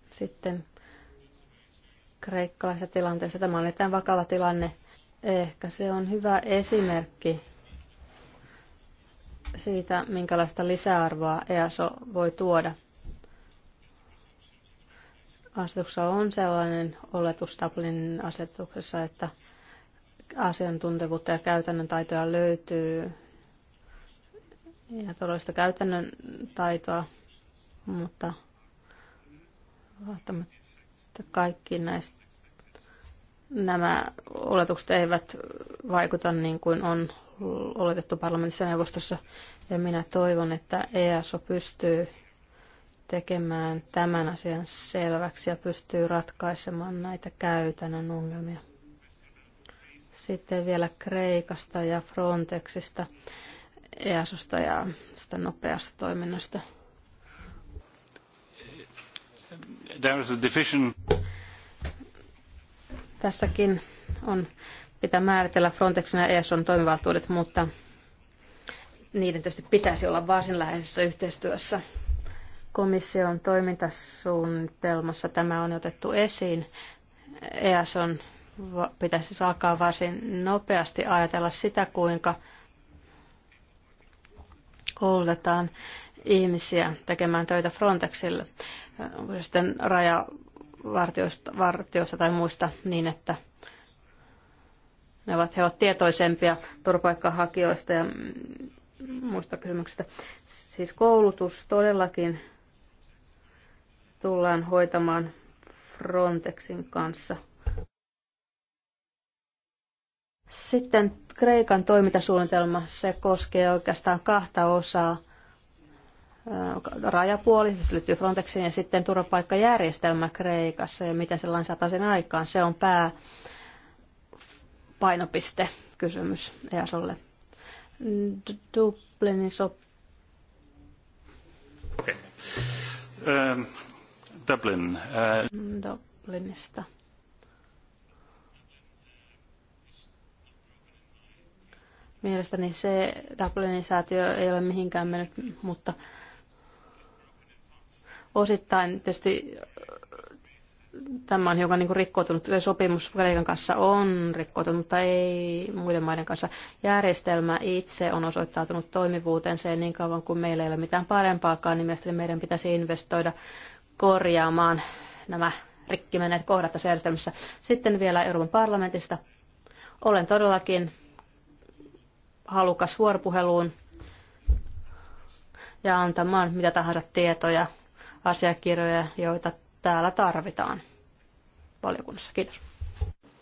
C: Sitten kreikkalaisessa tilanteessa. Tämä on erittäin vakava tilanne. Ehkä se on hyvä esimerkki siitä, minkälaista lisäarvoa EASO voi tuoda asetuksessa on sellainen oletus Dublinin asetuksessa, että asiantuntevuutta ja käytännön taitoja löytyy ja todellista käytännön taitoa, mutta välttämättä kaikki näistä nämä oletukset eivät vaikuta niin kuin on oletettu parlamentissa neuvostossa. Ja minä toivon, että EASO pystyy tekemään tämän asian selväksi ja pystyy ratkaisemaan näitä käytännön ongelmia. Sitten vielä Kreikasta ja Frontexista, EASosta ja sitä nopeasta toiminnasta.
B: There is a division.
C: Tässäkin on, pitää määritellä Frontexin ja EASon toimivaltuudet, mutta niiden tietysti pitäisi olla varsin läheisessä yhteistyössä Komission toimintasuunnitelmassa tämä on otettu esiin. E on, pitäisi siis alkaa varsin nopeasti ajatella sitä, kuinka koulutetaan ihmisiä tekemään töitä Frontexille, sitten rajavartiosta tai muista, niin että ne ovat, he ovat tietoisempia turvapaikkahakijoista ja muista kysymyksistä. Siis koulutus todellakin tullaan hoitamaan Frontexin kanssa. Sitten Kreikan toimintasuunnitelma, se koskee oikeastaan kahta osaa. Rajapuoli, siis se liittyy Frontexiin, ja sitten turvapaikkajärjestelmä Kreikassa ja miten se saataisiin aikaan. Se on pää painopiste kysymys EASOlle. Dublinin sop...
B: Okei. Okay. Dublin. Äh,
C: Dublinista. Mielestäni se säätiö ei ole mihinkään mennyt, mutta osittain tietysti tämä on hiukan niin rikkoutunut. Sopimus Kreikan kanssa on rikkoutunut, mutta ei muiden maiden kanssa. Järjestelmä itse on osoittautunut toimivuutensa niin kauan kuin meillä ei ole mitään parempaakaan, niin mielestäni meidän pitäisi investoida korjaamaan nämä rikki menneet kohdat tässä järjestelmässä. Sitten vielä Euroopan parlamentista. Olen todellakin halukas vuoropuheluun ja antamaan mitä tahansa tietoja, asiakirjoja, joita täällä tarvitaan valiokunnassa. Kiitos.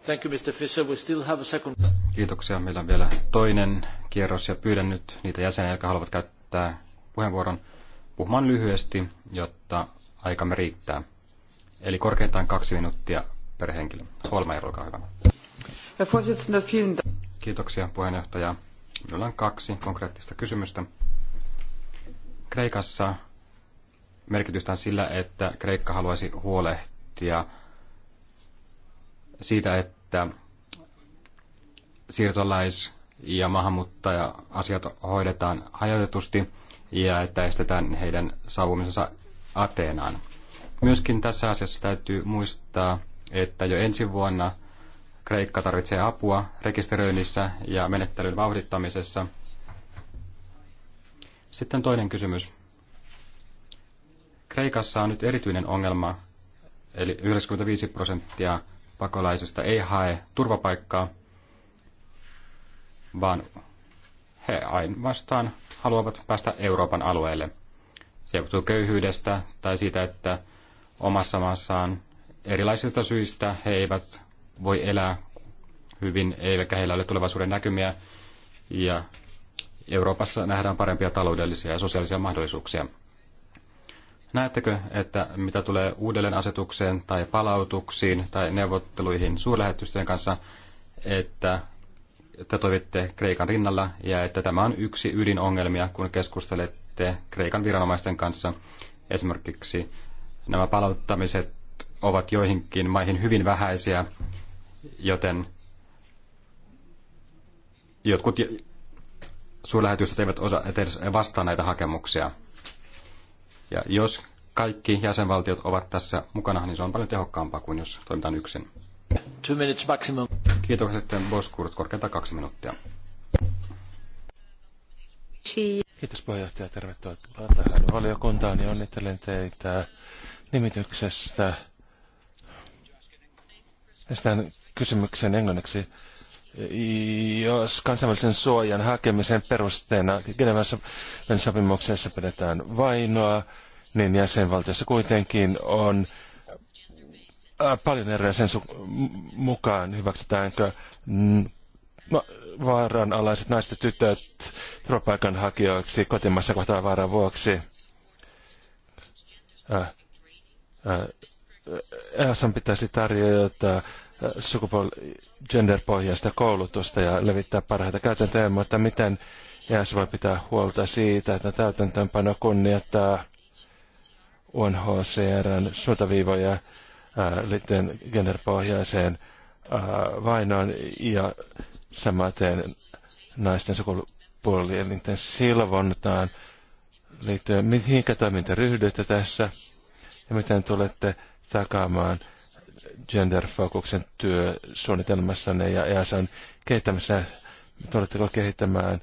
C: Thank you, Mr.
B: Fisher. We still have a second...
A: Kiitoksia. Meillä on vielä toinen kierros ja pyydän nyt niitä jäseniä, jotka haluavat käyttää puheenvuoron puhumaan lyhyesti, jotta aikamme riittää. Eli korkeintaan kaksi minuuttia per henkilö. Holmeier, olkaa hyvä. Kiitoksia puheenjohtaja. Minulla on kaksi konkreettista kysymystä. Kreikassa merkitystä on sillä, että Kreikka haluaisi huolehtia siitä, että siirtolais- ja maahanmuuttaja-asiat hoidetaan hajautetusti ja että estetään heidän saavumisensa Ateenaan. Myöskin tässä asiassa täytyy muistaa, että jo ensi vuonna Kreikka tarvitsee apua rekisteröinnissä ja menettelyn vauhdittamisessa. Sitten toinen kysymys. Kreikassa on nyt erityinen ongelma, eli 95 prosenttia pakolaisista ei hae turvapaikkaa, vaan he ainoastaan haluavat päästä Euroopan alueelle – se johtuu köyhyydestä tai siitä, että omassa maassaan erilaisista syistä he eivät voi elää hyvin, eivätkä heillä ole tulevaisuuden näkymiä. Ja Euroopassa nähdään parempia taloudellisia ja sosiaalisia mahdollisuuksia. Näettekö, että mitä tulee uudelleenasetukseen tai palautuksiin tai neuvotteluihin suurlähetystöjen kanssa, että te toivitte Kreikan rinnalla ja että tämä on yksi ydinongelmia, kun keskustelet sitten Kreikan viranomaisten kanssa. Esimerkiksi nämä palauttamiset ovat joihinkin maihin hyvin vähäisiä, joten jotkut suurlähetystä eivät osa, edes vastaa näitä hakemuksia. Ja jos kaikki jäsenvaltiot ovat tässä mukana, niin se on paljon tehokkaampaa kuin jos toimitaan yksin. Two minutes maximum. Kiitokset sitten Boskurt, korkeinta kaksi minuuttia.
B: Kiitos puheenjohtaja. Tervetuloa tähän valiokuntaan ja onnittelen teitä nimityksestä. Estän kysymyksen englanniksi. Jos kansainvälisen suojan hakemisen perusteena Genevässä sopimuksessa pidetään vainoa, niin jäsenvaltiossa kuitenkin on äh, paljon eroja sen mukaan, hyväksytäänkö vaaranalaiset naiset ja tytöt turvapaikanhakijoiksi kotimassa kohtaan vaaran vuoksi. EASan pitäisi tarjota sukupuoli genderpohjaista koulutusta ja levittää parhaita käytäntöjä, mutta miten EAS voi pitää huolta siitä, että täytäntöönpano kunnioittaa UNHCRn suuntaviivoja liittyen genderpohjaiseen vainoon ja Samaten naisten sukupuolielinten silvontaan liittyen, mihinkä toiminta ryhdytte tässä ja miten tulette takaamaan genderfokuksen työsuunnitelmassanne ja EASAn kehittämässä. Tuletteko kehittämään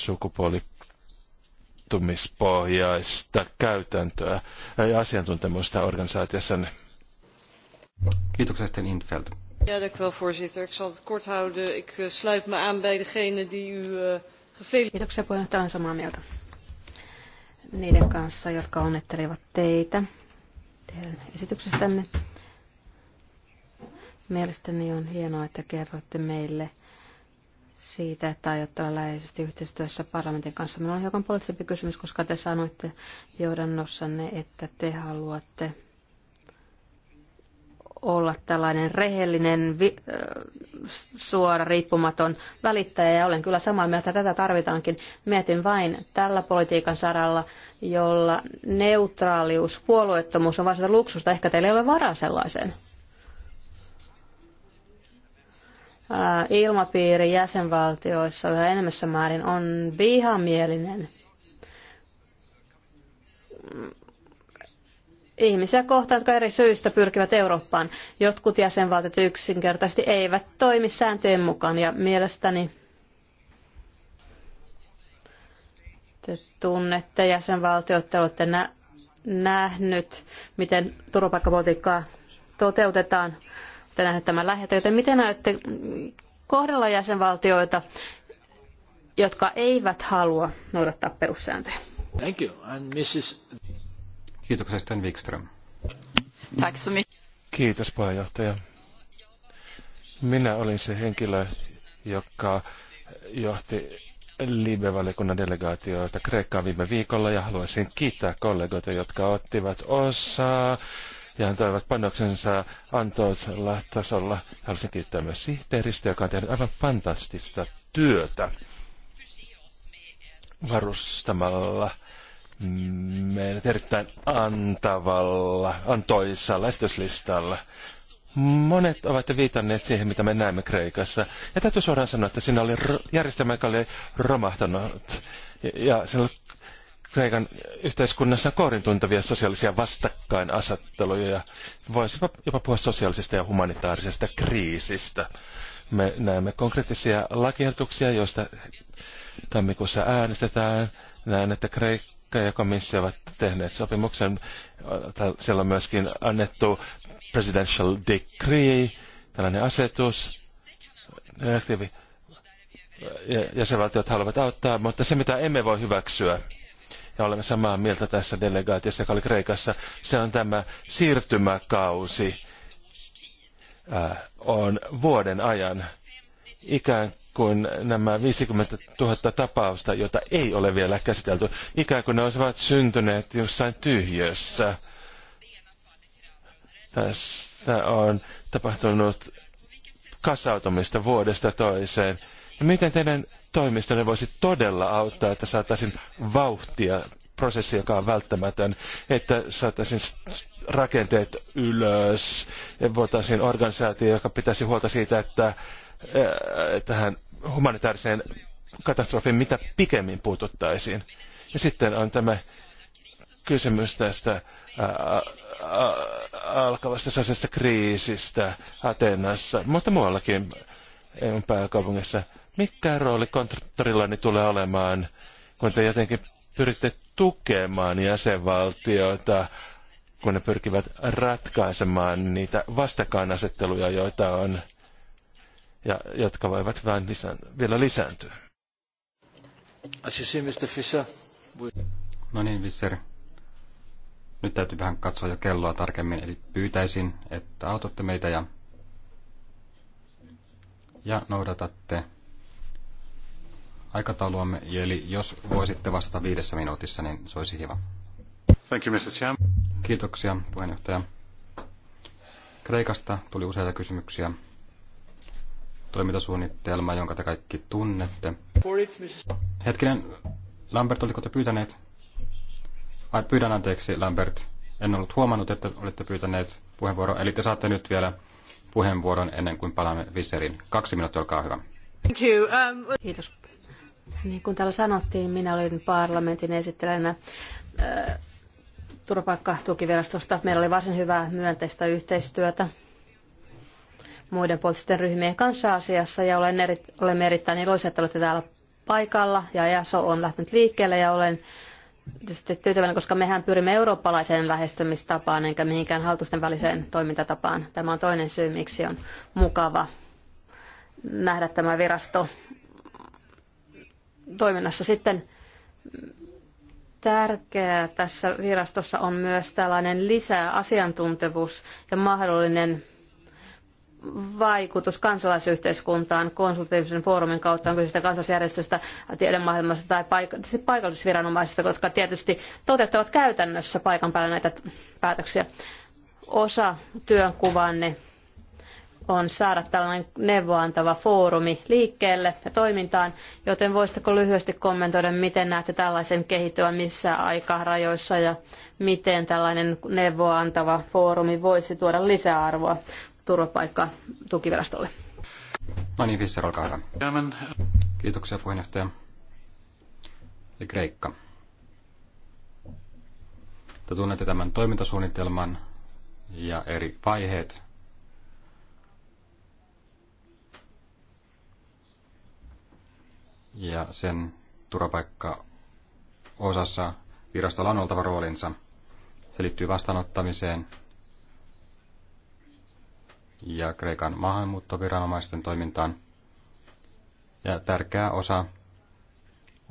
B: sukupuolittumispohjaista käytäntöä ja asiantuntemusta organisaatiossanne? Kiitoksia sitten Infeld.
C: Ja, dank wel, voorzitter. Ik zal het kort houden. Ik eh, sluit me aan bij degene die u uh, eh, gefeliciteerd. Kiitoksia samaa mieltä niiden kanssa, jotka teitä teidän esityksestänne. Mielestäni on hienoa, että kerroitte meille siitä, että aiotte olla läheisesti yhteistyössä parlamentin kanssa. Minulla on hiukan poliittisempi kysymys, koska te sanoitte johdannossanne, että te haluatte olla tällainen rehellinen, vi- äh, suora, riippumaton välittäjä ja olen kyllä samaa mieltä, että tätä tarvitaankin. Mietin vain tällä politiikan saralla, jolla neutraalius, puolueettomuus on vasta luksusta. Ehkä teillä ei ole varaa sellaiseen. Äh, ilmapiiri jäsenvaltioissa yhä enemmässä määrin on vihamielinen ihmisiä kohtaan, jotka eri syistä pyrkivät Eurooppaan. Jotkut jäsenvaltiot yksinkertaisesti eivät toimi sääntöjen mukaan ja mielestäni te tunnette jäsenvaltiot, te olette nä- nähnyt, miten turvapaikkapolitiikkaa toteutetaan, te nähneet tämän lähetön, joten miten aiotte kohdella jäsenvaltioita, jotka eivät halua noudattaa perussääntöjä?
A: Thank you. And Mrs. Kiitoksia Sten Wikström.
B: Kiitos puheenjohtaja. Minä olin se henkilö, joka johti Libe-valiokunnan delegaatioita Kreikkaan viime viikolla ja haluaisin kiittää kollegoita, jotka ottivat osaa ja antoivat panoksensa antoisella tasolla. Haluaisin kiittää myös sihteeristä, joka on tehnyt aivan fantastista työtä varustamalla meillä mm, erittäin antavalla, antoisalla esityslistalla. Monet ovat viitanneet siihen, mitä me näemme Kreikassa. Ja täytyy suoraan sanoa, että siinä oli järjestelmä, joka oli romahtanut. Ja siinä oli Kreikan yhteiskunnassa kourin tuntavia sosiaalisia vastakkainasetteluja ja voisi jopa puhua sosiaalisesta ja humanitaarisesta kriisistä. Me näemme konkreettisia lakiehdotuksia, joista tammikuussa äänestetään. Näen, että Kreikka ja komissio ovat tehneet sopimuksen. Siellä on myöskin annettu presidential decree, tällainen asetus, direktiivi. Jäsenvaltiot haluavat auttaa, mutta se mitä emme voi hyväksyä, ja olemme samaa mieltä tässä delegaatiossa, joka oli Kreikassa, se on tämä siirtymäkausi, on vuoden ajan ikään kuin nämä 50 000 tapausta, joita ei ole vielä käsitelty, ikään kuin ne olisivat syntyneet jossain tyhjössä. Tässä on tapahtunut kasautumista vuodesta toiseen. Ja miten teidän toimistonne voisi todella auttaa, että saataisiin vauhtia prosessi, joka on välttämätön, että saataisiin rakenteet ylös ja voitaisiin organisaatio, joka pitäisi huolta siitä, että Äh, tähän humanitaariseen katastrofiin mitä pikemmin puututtaisiin. Ja sitten on tämä kysymys tästä ää, äh, ää, äh, alkavasta sosiaalista kriisistä Atenassa, mutta muuallakin EUn pääkaupungissa. Mikä rooli niin tulee olemaan, kun te jotenkin pyritte tukemaan jäsenvaltioita, kun ne pyrkivät ratkaisemaan niitä vastakkainasetteluja, joita on ja jotka voivat vain lisään, vielä lisääntyä.
A: No niin, Visser. Nyt täytyy vähän katsoa jo kelloa tarkemmin, eli pyytäisin, että autatte meitä ja, ja noudatatte aikatauluamme, eli jos voisitte vastata viidessä minuutissa, niin se olisi hyvä. Thank you, Mr. Kiitoksia, puheenjohtaja. Kreikasta tuli useita kysymyksiä toimintasuunnitelma, jonka te kaikki tunnette. Hetkinen, Lambert, oliko te pyytäneet? Ai, pyydän anteeksi, Lambert. En ollut huomannut, että olette pyytäneet puheenvuoron. Eli te saatte nyt vielä puheenvuoron ennen kuin palaamme Viserin. Kaksi minuuttia, olkaa hyvä. Um,
C: Kiitos. Niin kuin täällä sanottiin, minä olin parlamentin esittelijänä äh, turvapaikkatukivirastosta. Meillä oli varsin hyvää myönteistä yhteistyötä muiden poliittisten ryhmien kanssa asiassa ja olen eri, olemme erittäin iloisia, että olette täällä paikalla ja EASO on lähtenyt liikkeelle ja olen tietysti tyytyväinen, koska mehän pyrimme eurooppalaiseen lähestymistapaan enkä mihinkään hallitusten väliseen toimintatapaan. Tämä on toinen syy, miksi on mukava nähdä tämä virasto toiminnassa. Sitten tärkeää tässä virastossa on myös tällainen lisää asiantuntevuus ja mahdollinen vaikutus kansalaisyhteiskuntaan konsultatiivisen foorumin kautta, onko sitä kansalaisjärjestöstä, tiedemaailmasta tai siis paikallisviranomaisista, jotka tietysti toteuttavat käytännössä paikan päällä näitä päätöksiä. Osa työnkuvanne on saada tällainen neuvoantava foorumi liikkeelle ja toimintaan, joten voisitteko lyhyesti kommentoida, miten näette tällaisen kehittyä, missä aikarajoissa ja miten tällainen neuvoantava foorumi voisi tuoda lisäarvoa turvapaikkaa tukivirastolle.
A: No niin, Fischer, olkaa hyvä. Kiitoksia puheenjohtaja. Eli Kreikka. Te tunnette tämän toimintasuunnitelman ja eri vaiheet. Ja sen turvapaikka-osassa virastolla on oltava roolinsa. Se liittyy vastaanottamiseen – ja Kreikan maahanmuuttoviranomaisten toimintaan. Ja tärkeä osa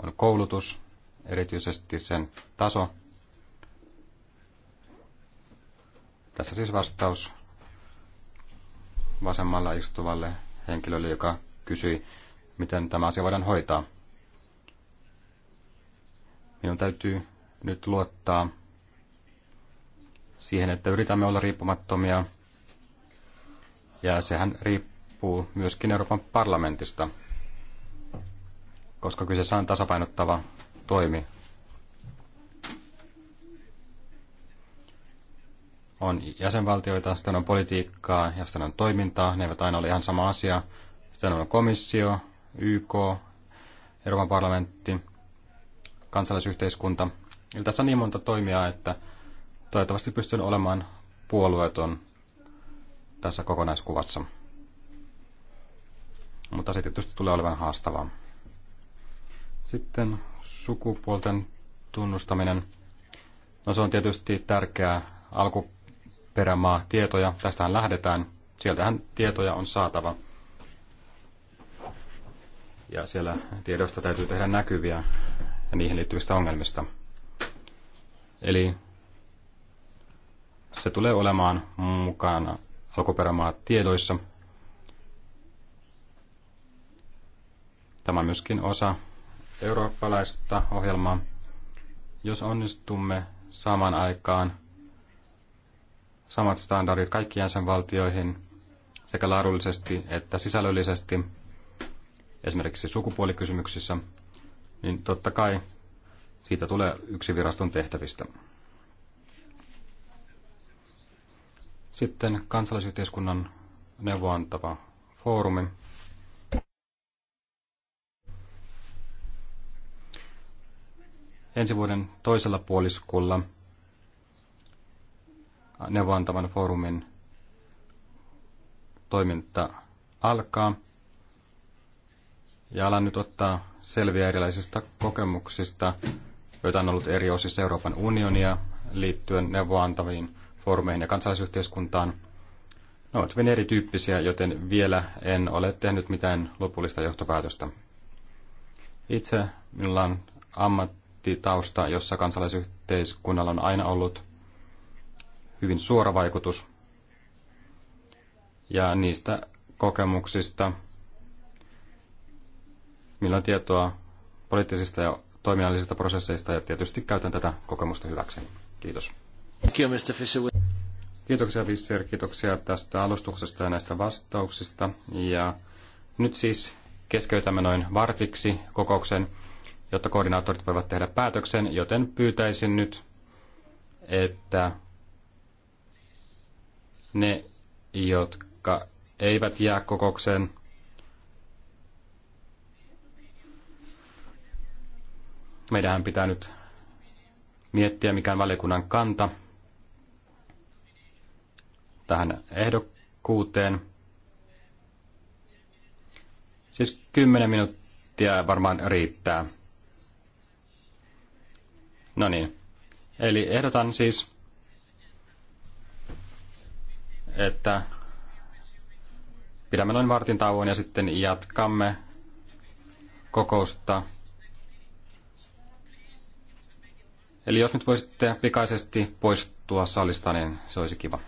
A: on koulutus, erityisesti sen taso. Tässä siis vastaus vasemmalla istuvalle henkilölle, joka kysyi, miten tämä asia voidaan hoitaa. Minun täytyy nyt luottaa siihen, että yritämme olla riippumattomia ja sehän riippuu myöskin Euroopan parlamentista, koska kyseessä on tasapainottava toimi. On jäsenvaltioita, sitten on politiikkaa ja sitten on toimintaa. Ne eivät aina ole ihan sama asia. Sitten on komissio, YK, Euroopan parlamentti, kansalaisyhteiskunta. Eli tässä on niin monta toimijaa, että toivottavasti pystyn olemaan puolueeton tässä kokonaiskuvassa. Mutta se tietysti tulee olevan haastavaa. Sitten sukupuolten tunnustaminen. No se on tietysti tärkeää alkuperämaa tietoja. Tästähän lähdetään. Sieltähän tietoja on saatava. Ja siellä tiedoista täytyy tehdä näkyviä ja niihin liittyvistä ongelmista. Eli se tulee olemaan mukana alkuperämaat tiedoissa. Tämä on myöskin osa eurooppalaista ohjelmaa. Jos onnistumme saman aikaan samat standardit kaikkiin jäsenvaltioihin sekä laadullisesti että sisällöllisesti, esimerkiksi sukupuolikysymyksissä, niin totta kai siitä tulee yksi viraston tehtävistä. Sitten kansalaisyhteiskunnan neuvoantava foorumi. Ensi vuoden toisella puoliskolla neuvoantavan foorumin toiminta alkaa. Ja alan nyt ottaa selviä erilaisista kokemuksista, joita on ollut eri osissa Euroopan unionia liittyen neuvoantaviin foorumeihin ja kansalaisyhteiskuntaan. Ne ovat hyvin erityyppisiä, joten vielä en ole tehnyt mitään lopullista johtopäätöstä. Itse minulla on ammattitausta, jossa kansalaisyhteiskunnalla on aina ollut hyvin suora vaikutus. Ja niistä kokemuksista, millä on tietoa poliittisista ja toiminnallisista prosesseista ja tietysti käytän tätä kokemusta hyväkseni. Kiitos. Kiitos, Kiitoksia Visser, kiitoksia tästä alustuksesta ja näistä vastauksista. Ja nyt siis keskeytämme noin vartiksi kokouksen, jotta koordinaattorit voivat tehdä päätöksen, joten pyytäisin nyt, että ne, jotka eivät jää kokoukseen, meidän pitää nyt miettiä, mikä on valiokunnan kanta – tähän ehdokkuuteen. Siis 10 minuuttia varmaan riittää. No niin. Eli ehdotan siis, että pidämme noin vartin tauon ja sitten jatkamme kokousta. Eli jos nyt voisitte pikaisesti poistua salista, niin se olisi kiva.